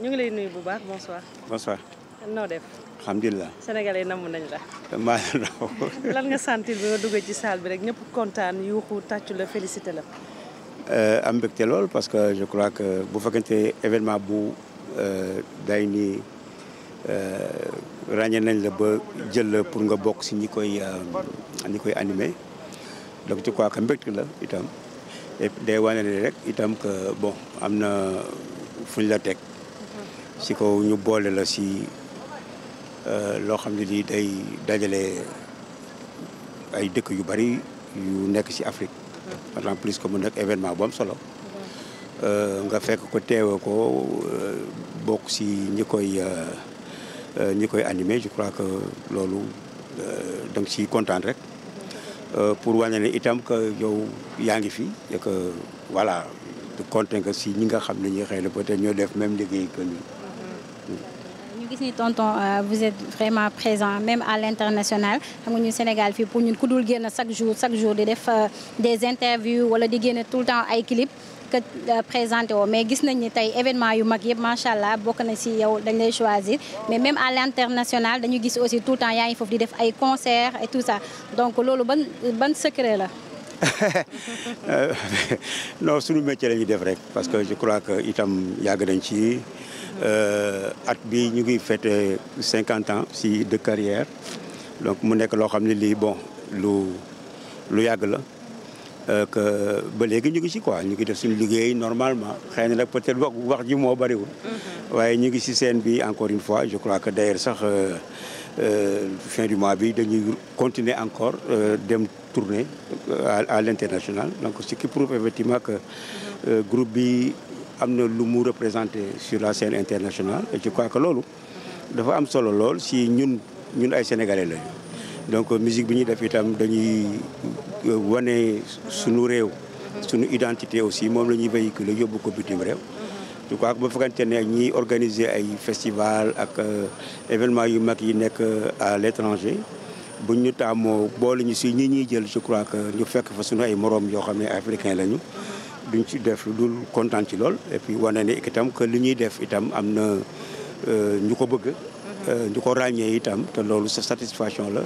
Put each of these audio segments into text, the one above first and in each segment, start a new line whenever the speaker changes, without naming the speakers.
ñu ngi lay nuyu bu baax bonsoir. bonsoir. noo def. alhamdulilah. sénégalais namm nañ la.
maa
lan nga sentir bi nga duggee ci salle bi rek ñëpp kontaan yuuxu tàccu la félicité la.
Euh, am mbégte lool parce que je crois que bu fekkente événement bu euh, day nii euh, ràññee nañ la ba jël la pour nga bokk si ñi koy ñi koy animé donc je crois que mbégte la itam et day wane rek itam que bon am na fuñ la teg. si ko ñu boole la si euh, loo xam ne lii day dajale ay dëkk yu bari yu nekk si Afrique en plus que mu nekk événement bu am solo euh, nga fekk ko teewe ko euh, bokk si ñi koy ñi koy animé je crois que loolu da nga siy kontaan rek pour wàññi ne itam que yow yaa ngi fi et que voilà compté nga si ñi nga xam ne ñi xëy na peut ñoo def même liggéey que ni
ñu gis ni tonton euh, vous vraiment présent même à l'international xam nga ñu Sénégal fii pour ñun ku dul génn chaque jour
chaque jour di def euh, des interviews wala di génn tout le temps ay clip que euh, présenté woo mais gis nañ ni tey événement yu mag yëpp macha allah bokk nañ ci yow dañ lay choisir mais même à l'international dañu gis aussi tout le temps yaa ngi foofu di def ay concerts et tout ça donc loolu ban ban secret la. Euh, non suñu métier la ñuy def rek parce que je crois que itam yàgg nañ ci euh, at bi ñu ngi fêté cinquante ans si de carrière donc mu nekk loo xam ne lii bon lu lu yàgg la Euh, que ba léegi ñu ngi ci quoi ñu ngi def suñu liggéey normalement xëy na nag peut-être wax wax ji moo bariwul. Mm-hmm. waaye ñu ngi ci scène bi encore une fois je crois que d'ailleurs sax euh, euh, fin du mois bi dañuy continuer encore dem tourner à l'international donc ce ki prouve effectivement que mm-hmm. groupe bi am na lu mu représenté sur la scène international je crois que loolu mm-hmm. dafa am solo lool si ñun ñun ay sénégalais lañu. donc euh, musique bi ñuy def itam dañuy euh, wane sunu réew sunu identité aussi moom la ñuy véhiculer yóbbu ko bitim réew je crois que ba fekkante ne ñiy organiser ay festival ak euh, événement yu mag yi nekk à l'étranger buñ ñu taamoo boolu ñu si ñi ñuy jël je crois que ñu fekk fa suñu ay moroom yoo xam ne africain lañu duñ ci def lu dul kontaan ci lool et wane ne itam que li ñuy def itam am na ñu ko bëgg ñu ko ràññee itam te loolu sa satisfaction la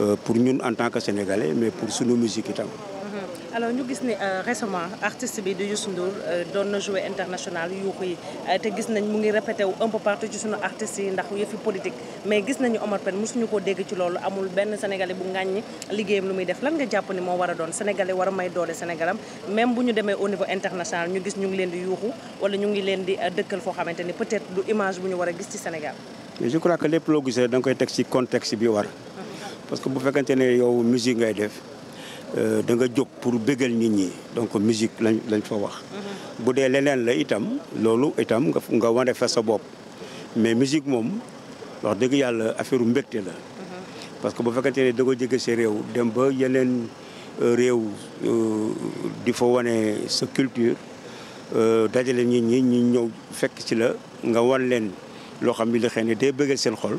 Euh, pour ñun en tant que sénégalais mais pour sunu musique itam.
Mhm. alors ñu gis ni euh, récemment artiste bi di Youssou Ndour euh, doon na jouer international yuuxu yi te gis nañ mu ngi répété wu un peu partout ci sunu artistes yi ndax yëfi politique mais gis nañu Omar Pène mosuñu koo dégg ci loolu amul benn sénégalais bu ngàññi liggéeyam lu muy def lan nga jàpp ni moo war a doon sénégalais war a may doole sénégalam même bu ñu demee au niveau international ñu gis ñu ngi leen di yuuxu wala ñu ngi leen di dëkkal foo xamante ni peut-être du image bu ñu war a gis ci Sénégal.
mais que lépp loo gisee da nga koy teg bi war. parce que bu fekkante ne yow musique ngay def euh, da nga jóg pour bégal nit ñi donc musique lañ lañ fa wax. Mm-hmm. bu dee leneen la itam loolu itam nga nga wane fa sa bopp mais musique moom wax dëgg yàlla affaire mbégte la. Mm-hmm. parce que bu fekkante ne da nga jóge sa réew dem ba yeneen euh, réew euh, di fa wane sa culture dajale nit ñi ñu ñëw fekk ci la nga wan leen loo xam ne li xëy ne day seen xol.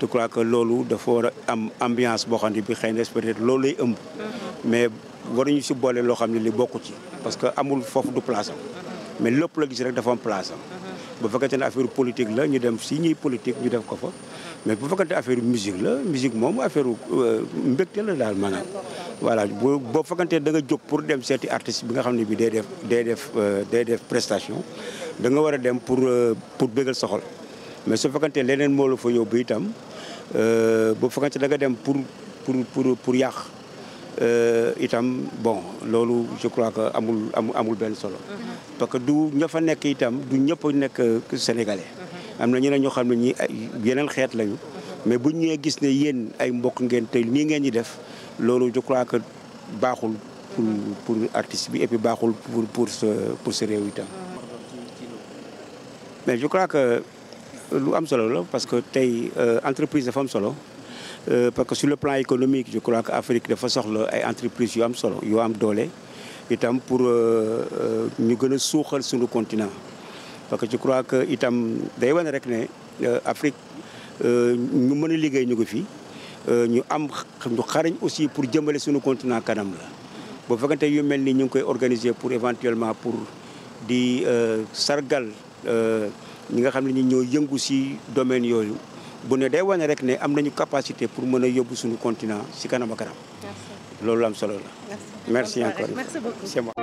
je crois que loolu dafa war am ambiance boo xam ne bi xëy na peut-être loolu lay ëmb. Mhm. mais war ñu si boole loo xam ne li bokku ci. parce que amul foofu du place mhm. mais lépp la gis rek dafa am place am. Mhm. bu fekkente ne affaire politique la ñu dem si ñuy politique ñu def ko fa. mais bu fekkente affaire musique la musique moom affaire euh, mbégte la daal maanaam. voilà bu boo fekkante da nga jóg pour dem seeti artiste bi nga xam ne bi day def day def euh, day def prestation da nga war a dem pour euh, pour bégal soxol mais su fekkante leneen moo la fa yóbbu itam euh, bu fekkante da nga dem pour pour pour pour yàq euh, itam bon loolu je crois que amul amul benn solo. Mm-hmm. parce que du ña fa nekk itam du ñëpp a nekk sénégalais. Mm-hmm. am na ñeneen ñoo xam ne ñi yeneen xeet lañu. Mm-hmm. mais bu ñu gis ne yéen ay mbokk ngeen te nii ngeen ñi def loolu je crois que baaxul pour pour artiste bi et baaxul pour pour sa pour sa réew itam. mais je lu am solo la parce que tey euh, entreprise dafa am solo euh, parce que sur le plan économique je crois que Afrique dafa soxla ay entreprises yu am solo yu am doole itam pour euh, ñu gën a suuxal suñu continent. parce que je crois que itam day wane rek ne Afrique ñu mën a liggéey ñu ngi fi ñu am ñu xarañ aussi pour jëmale suñu continent kanam la. boo te yu mel nii ñu ngi koy organiser pour éventuellement pour di sargal. ñi nga xam ne ñi ñoo yëngu si domaine yooyu bu ne day wane rek ne am nañu capacité pour mën a yóbbu suñu continent si kanam a kanam loolu am solo la
merci encore